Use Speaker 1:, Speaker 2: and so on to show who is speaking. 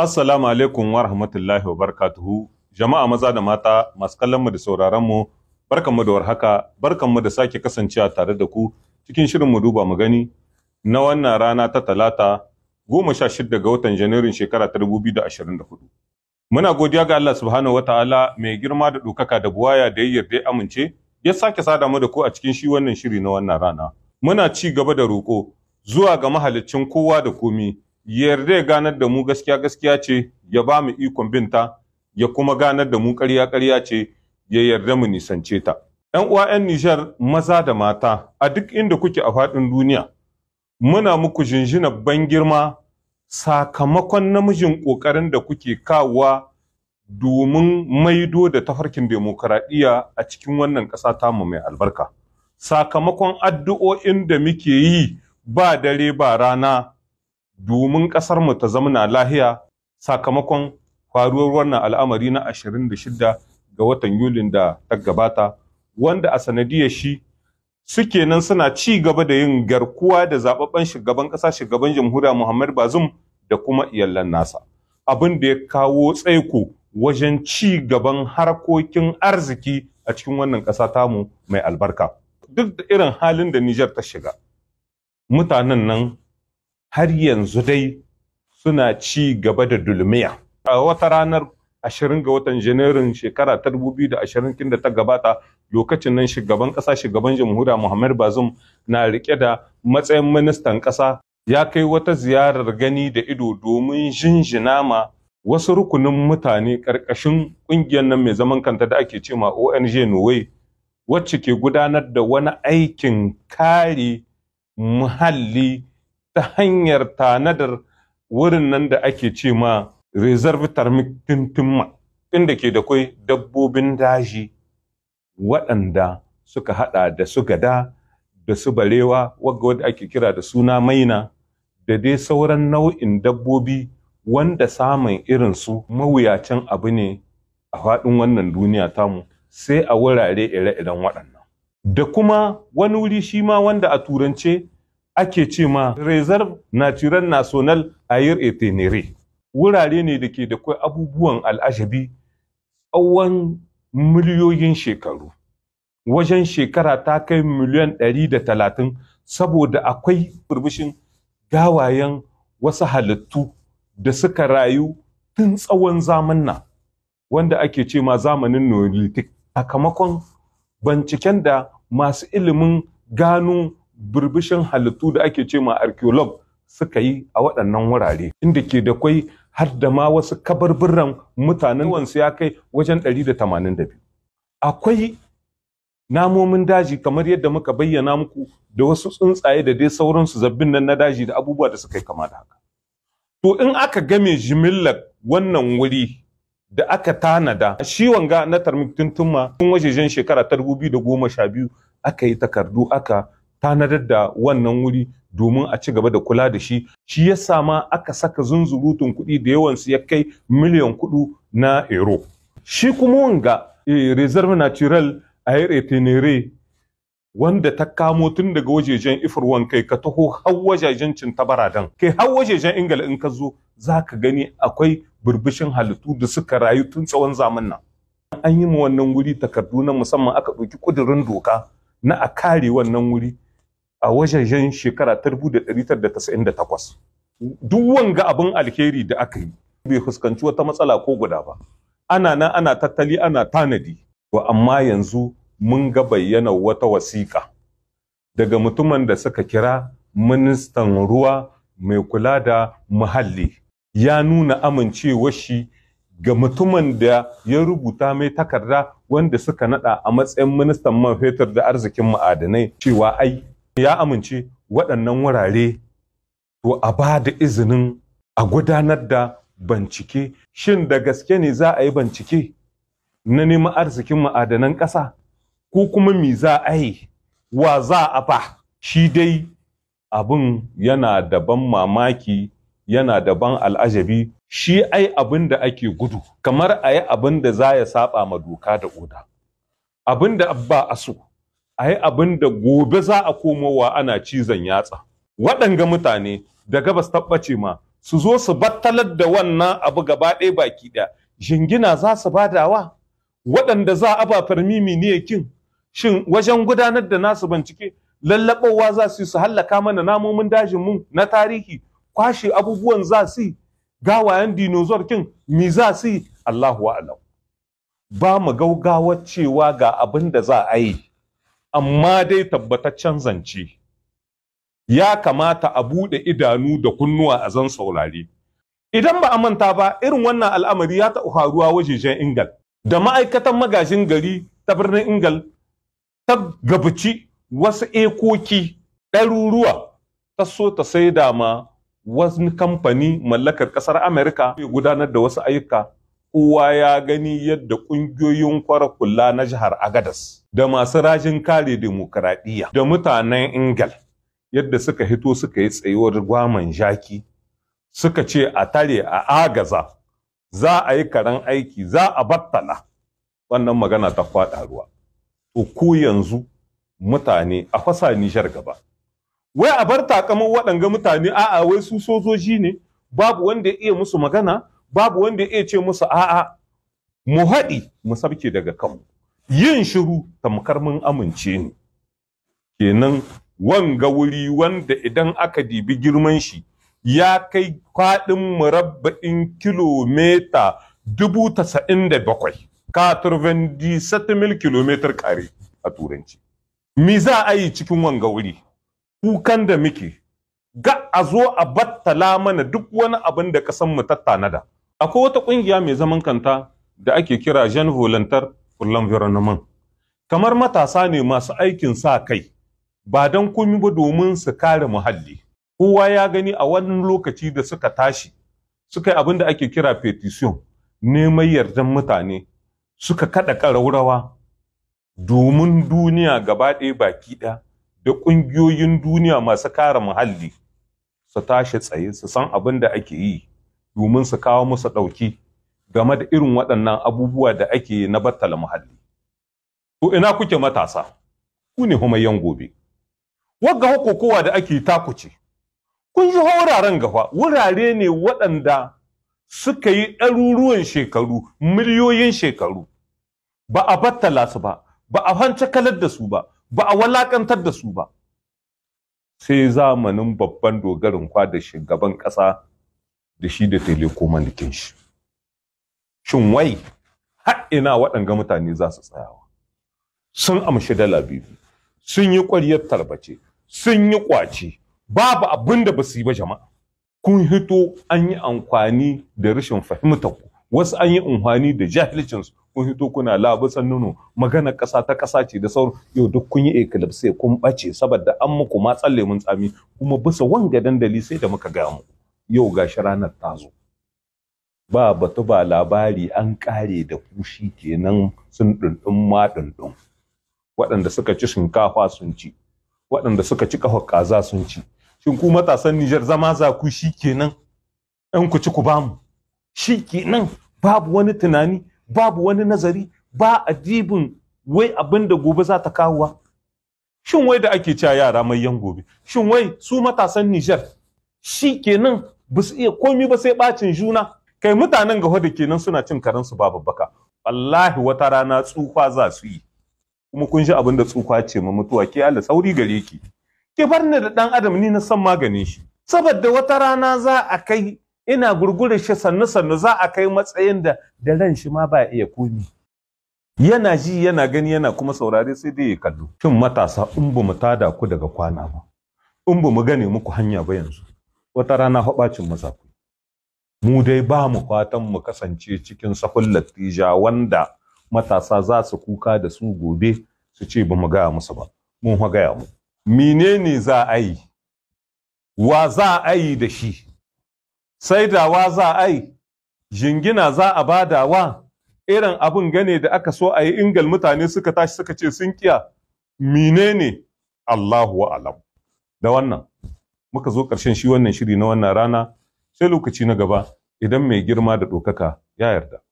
Speaker 1: Assalamu alaikum wa rahmatullahi wa barakatuhu. Jama'a maza da mata masu kallon mu da sauraron mu barkanmu da warhaka, barkanmu da sake kasancewa tare da ku cikin shirin mu duba mu gani na wannan rana ta Talata goma sha shida ga watan Janairun shekara ta dubu biyu da ashirin da hudu. Muna godiya ga Allah subhanahu wa ta'ala mai girma da ɗaukaka da buwaya da ya yarda ya amince ya sake sada mu da ku a cikin shi wannan shiri na wannan rana. Muna ci gaba da roƙo zuwa ga mahaliccin kowa da komi yarda ya ganar da mu gaskiya gaskiya ce ya ba mu ikon binta ya kuma ganar da mu ƙarya ƙarya ce ya yarda mu nisance ta ‘yan uwa ‘yan Nijar maza da mata a duk inda kuke a faɗin duniya muna muku jinjina ban girma sakamakon namijin ƙoƙarin da kuke kawowa domin maido da tafarkin demokuraɗiyya a cikin wannan ƙasa tamu mai albarka sakamakon addu'o'in da muke yi ba dare ba rana domin ƙasarmu ta zamana lahiya sakamakon faruwar wannan al'amari na 26 ga watan Yulin da ta gabata wanda a sanadiyar shi suke nan suna ci gaba da yin garkuwa da zababben shugaban ƙasa shugaban jamhuriya Muhammad Bazum da kuma iyalan nasa abin da ya kawo tsaiko wajen ci gaban harkokin arziki a cikin wannan ƙasa tamu mai albarka duk da irin halin da Nijar ta shiga mutanen nan har yanzu dai suna ci gaba da dulmiya. A wata ranar 20 ga watan Janairun shekara ta 2020 da ta gabata lokacin nan shugaban ƙasa shugaban jamhuriya Muhammad Bazum na rike da matsayin ministan ƙasa ya kai wata ziyarar gani da ido domin jinjina ma wasu rukunin mutane ƙarƙashin ƙungiyar nan mai zaman kanta da ake ce ONG Norway wacce ke gudanar da wani aikin kare muhalli ta hanyar tanadar wurin nan da ake ce ma reserve thermic tintinma inda ke da kwai dabbobin daji waɗanda suka haɗa da su gada da su balewa wagga wadda ake kira da suna maina da dai sauran nau'in dabbobi wanda samun irinsu mawuyacin abu ne a faɗin wannan duniya tamu sai a wurare ire-iren waɗannan. Da kuma wani wuri shi ma wanda a turance ake ce ma Reserve Natural National Air Etenere. Wurare ne da ke da kwai abubuwan al'ajabi tsawon miliyoyin shekaru. Wajen shekara ta kai miliyan ɗari da talatin saboda akwai burbushin gawayen wasu halittu da suka rayu tun tsawon zaman nan wanda ake ce ma zamanin Neolithic. Sakamakon binciken da masu ilimin gano birbishin halittu da ake ce ma archaeolog suka yi a waɗannan wurare inda ke da kwai har da ma wasu kabarbiran mutanen wansu ya kai wajen 182 akwai namomin daji kamar yadda muka bayyana muku da wasu tsuntsaye da dai sauransu zabbin nan na daji da abubuwa da suka yi kama da haka to in aka game jimillar wannan wuri da aka tanada shi wanga na tuntun ma tun wajejen shekara ta 2012 aka yi takardu aka tanadar da wannan wuri domin a ci gaba da kula da shi shi ya ma aka saka zunzurutun kuɗi da yawansu ya kai miliyan kuɗu na Ero. shi kuma wanga eh, reserve natural a tenere wanda ta kamo tun daga wajejen ifirwan kai ka taho har wajejen cintabaradan kai har wajejen ingila in ka zo za ka gani akwai burbushin halittu da suka rayu tun tsawon zaman nan an yi ma wannan wuri takardu na musamman aka ɗauki ƙudurin doka na a kare wannan wuri a wajajen shekara takwas. duk wanga abin alheri da aka yi bai fuskanci wata matsala ko guda ba ana nan ana tattali ana tanadi to amma yanzu mun ga bayyana wata wasiƙa daga mutumin da suka kira ministan ruwa mai kula da muhalli ya nuna amincewa shi ga mutumin da ya rubuta mai takarda wanda suka nada a matsayin ministan man fetur da arzikin ma'adanai cewa ai ya amince waɗannan wurare to a ba da izinin a gudanar da bincike shin da gaske ne za a yi bincike na neman arzikin ma'adanan ƙasa ko kuma me za a yi wa za a ba shi dai abin yana daban mamaki yana daban al'ajabi shi ai abin da ake gudu kamar a yi abin da za ya saba ma doka da oda abin da ba a so Ayi abinda abin da gobe za a komowa ana cizon yatsa waɗanga mutane da gabas tabbace ma su zo su battalar da wannan abu gaba ɗaya baki ɗaya jingina za su badawa waɗanda za a ba farmimi ne kin shin wajen gudanar da nasu bincike lallaɓowa za su yi su hallaka mana namomin dajin mu na tarihi kwashe abubuwan za su gawayen dinozor kin mi za su Allahu a'lam ba mu gaugawa cewa ga abin da za a yi amma dai tabbataccen zance ya kamata a buɗe idanu da kunnuwa a zan saurare idan ba a manta ba irin wannan al'amari ya taɓa faruwa wajejen ingal da ma'aikatan magajin gari ta birnin ingal ta gabaci wasu ekoki ɗaruruwa ta so ta saida ma wani kamfani mallakar ƙasar Amerika ya gudanar da wasu ayyuka kowa ya gani yadda ƙungiyoyin kula na jihar Agadas da masu rajin kare demokuraɗiyya da mutanen Ingal yadda suka hito suka yi tsayuwar gwaman jaki suka ce a tare a agaza za a yi karen aiki za a battala wannan magana ta kwaɗa ruwa. To yanzu mutane a fasa Nijar gaba. Wai a bar takamar waɗanga mutane a'a wai su sojoji ne babu wanda ya iya musu magana babu wanda ya ce musu a'a mu haɗi mu sabke daga kanmu yin shiru tamkar mun amince ne kenan wanga wuri wanda idan aka dibi girman shi ya kai kwaɗin murabba'in kilomita dubu tasa'in da bakwai mil kilometer kare a turanci me za a yi cikin wanga wuri kukan da muke ga a zo a battala mana duk wani abin da kasan mu da. akwai wata ƙungiya mai zaman kanta da ake kira Jean volantar pour l'Environnement. Kamar matasa ne masu aikin sa kai, ba don kumi ba domin su kare muhalli. Kowa ya gani a wannan lokaci da suka tashi, suka yi abin da ake kira petition, neman yardan mutane, suka kaɗa ƙaraurawa domin duniya gaba ɗaya baki ɗaya da ƙungiyoyin duniya masu kare muhalli su tashi tsaye su san abin da ake yi. domin su kawo musu ɗauki game da irin waɗannan abubuwa da ake na battala muhalli. To ina kuke matasa, ku ne 'yan gobe. Wagga hukukuwa da ake takuce, kun ji wuraren gafa wurare ne waɗanda suka yi ɗaruruwan shekaru, miliyoyin shekaru. Ba a battala su ba, ba a hanci kalar da su ba, ba a walakantar da su ba. Sai zamanin babban dogarin kwa da shugaban ƙasa da shi da telekomandikin shi shin wai har ina waɗanga mutane za su tsayawa sun amshi dala biyu sun yi ƙwaryar tarbace sun yi ƙwace babu abin da ba su yi ba jama'a kun hito an yi amfani da rashin fahimtar ku wasu an yi amfani da su kun hito kuna labusan nono magana ƙasa ta ƙasa ce da sauran yau duk kun yi eclipse kun ɓace saboda an muku matsan lemun tsami kuma bisa wanga dandali sai da muka gaya muku yau gashi ranar ta zo ba batu ba labari an kare da kushi kenan sun dindin ma dindin waɗanda suka ci shinkafa sun ci waɗanda suka ci kafa kaza sun ci shin ku matasan Nijar zama za ku shi kenan ɗan ku ci ku bamu shi kenan babu wani tunani babu wani nazari ba adibin wai abin da gobe za ta kawo shin wai da ake cewa yara mai yan gobe shin wai su matasan Nijar shi kenan ba iya komi ba sai bacin juna kai mutanen ga da kenan suna cin su babu baka wallahi wata rana tsufa za su yi kuma kun ji abin da tsufa ce ma mutuwa ke Allah sauri gare ki ki bar da dan adam ni na san maganin shi saboda wata rana za a kai ina gurgure shi sannu sannu za a kai matsayin da da ran shi ma ba iya komi yana ji yana gani yana kuma saurare sai dai ya kallo shin matasa in ba mu tada ku daga kwana ba in ba mu gane muku hanya ba yanzu wata rana haɓacin mazafi mu dai ba mu fatan mu kasance cikin sahun lattija wanda matasa za su kuka da su gobe su ce ba mu gaya musu ba mun ha gaya mu menene za a yi wa za a yi da shi Sai da wa za a yi jingina za a wa? irin abin gane da aka so a yi ingal mutane suka tashi suka ce sun kiya menene Allahu alam da wannan muka zo ƙarshen shi wannan shiri na wannan rana sai lokaci na gaba idan mai girma da ɗaukaka ya yarda.